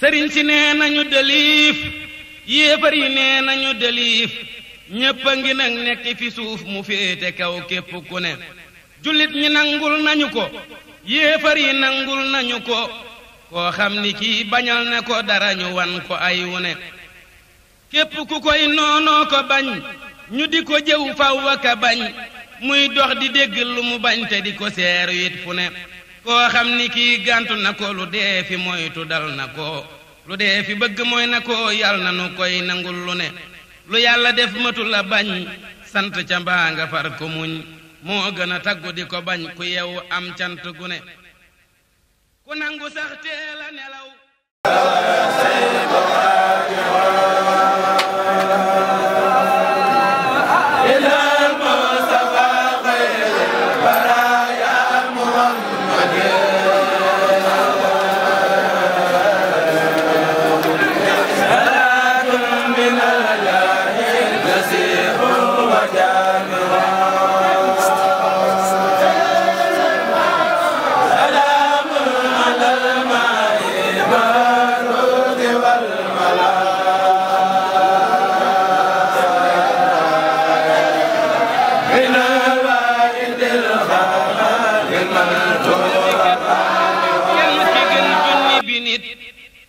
sëriñ si nee nañu deliif yéefar yi nee nañu deliif ñépp a ngi nag nekk fi suuf mu féete kaw képp ku ne jullit ñi nangul nañu ko yéefar yi nangul nañu ko koo xam ni kii bañal na ko dara ñu wan ko ay wu ne képp ku koy noonoo ko bañ ñu di ko jëw faw waka bañ muy dox di dégg lu mu bañ te di ko seeru it fu ne koo xam ni kii gàntu na ko lu dee fi moytu dal na ko lu dee fi bëgg mooy na ko yàlla na nu koy nangul lu ne lu yàlla def matu la bañ sant ca mbaa nga far ko muñ moo gën a taggu di ko bañ ku yew am cant gu ne ku nangu sax teel a nelaw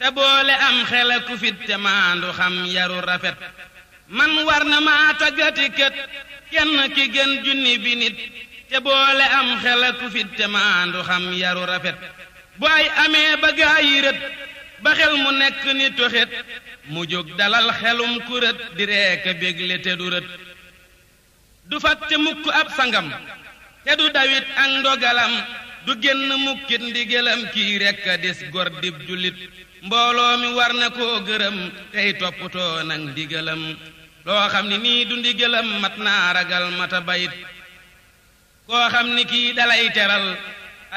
te boole am xel ku fit te maandu xam yaru rafet man war na maa taggati kët kenn ki gën junni bi nit te boole am xel ku fit te maandu xam yaru rafet booy amee ba gaa rët ba xel mu nekk ni toxet mu jóg dalal xelum ku rët di reeka bégle te du rët du fàtte mukk ab sangam te du dawit ak ndogalam du génn mukkit ndigalam kii rekk a des gor jullit mbooloo mi war na koo gërëm tey toppatoo nag ndigalam loo xam ni nii du ndigalam mat naa ragal mata bayit koo xam ni kii dalay teral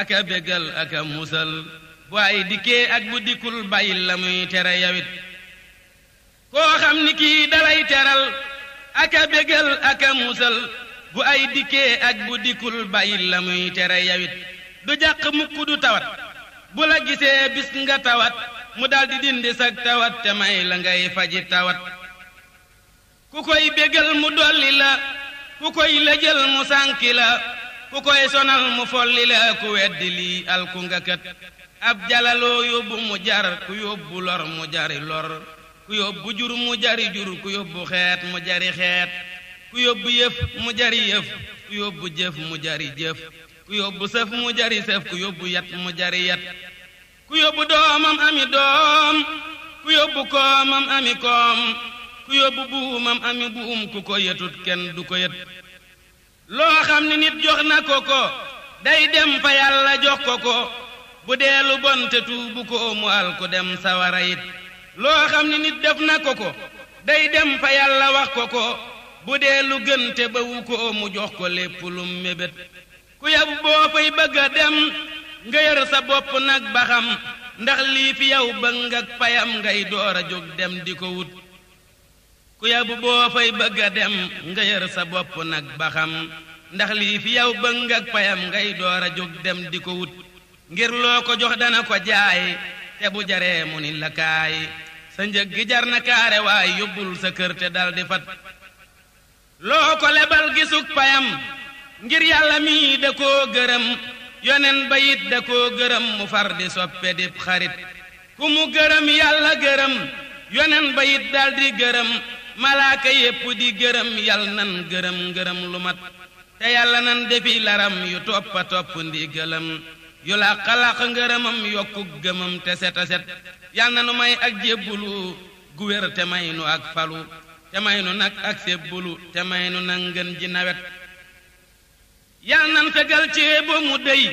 ak a bégal ak a musal bu ay dikkee ak bu dikkul bàyyil la muy tere yawit koo xam ni kii dalay teral ak a bégal ak a musal bu ay dikkee ak bu dikkul bàyyil la muy tere yawit du jàq mukk du tawat bu la gisee bis nga tawat mu daldi dindi sag tawat te may la ngay faji tawat ku koy bégal mu dolli la ku koy lëjal mu sànki la ku koy sonal mu folli la ku weddi lii alku nga kat ab jalaloo yóbbu mu jar ku yóbbu lor mu jari lor ku yóbbu jur mu jari jur ku yóbbu xeet mu jari xeet ku yóbbu yëf mu jari yëf ku yóbbu jëf mu jari jëf ku yóbbu sëf mu jari sëf ku yóbbu yat mu jari yat ku yóbbu doomam ami doom ku yóbbu koomam ami koom ku yóbbu buumam ami buum ku ko yetut kenn du ko yet loo xam ni nit jox na ko ko day dem fa yàlla jox ko ko bu dee lu bon te tuubu ko mu al ku dem sawara it loo xam ni nit def na ko ko day dem fa yàlla wax ko ko bu dee lu gën te bawu ko mu jox ko lépp lu mébét ku yow boo fay bëgg a dem nga yor sa bopp nag ba xam ndax lii fi yow bëgg ak payam ngay door a jóg dem di ko wut ku yow boo fay bëgg dem nga yor sa bopp nag ba xam ndax lii fi yow bëgg ak payam ngay door a jóg dem di ko wut ngir loo ko jox dana ko jaay te bu jaree mu ni la sa njëg gi jar na kaare waay yóbbul sa kër te dal di fat loo ko lebal gisug payam ngir yàlla mi da ko gërëm yonen ba yit da koo gërëm mu far di soppe di xarit ku mu gërëm yàlla gërëm yonen ba yit dal gërëm malaaka yépp di gërëm yal nan gërëm ngërëm lu mat te yàlla nan defi laram yu toppa topp ndigalam yu làq-làq ngërëmam yokku gëmam te set set yal na nu may ak jébbulu gu te may nu ak falu te may nu nag ak sébbulu te may nu nag ji nawet yal nan fegal ceebo mu dey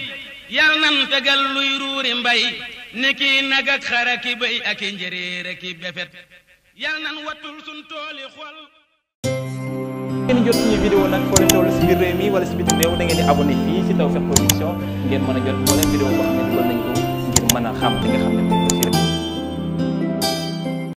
yal nan fegal luy ruuri mbay niki nag ak xar aki aki njëréer aki befet yal nan wattul sun tooli xol ngeen jot suñu vidéo nag foo si biir réew mi wala si bitim réew da ngeen di abonné fii si Tawfekh Production ngeen mën a jot moo leen vidéo boo xam ne dugal nañ a xam li nga xam ne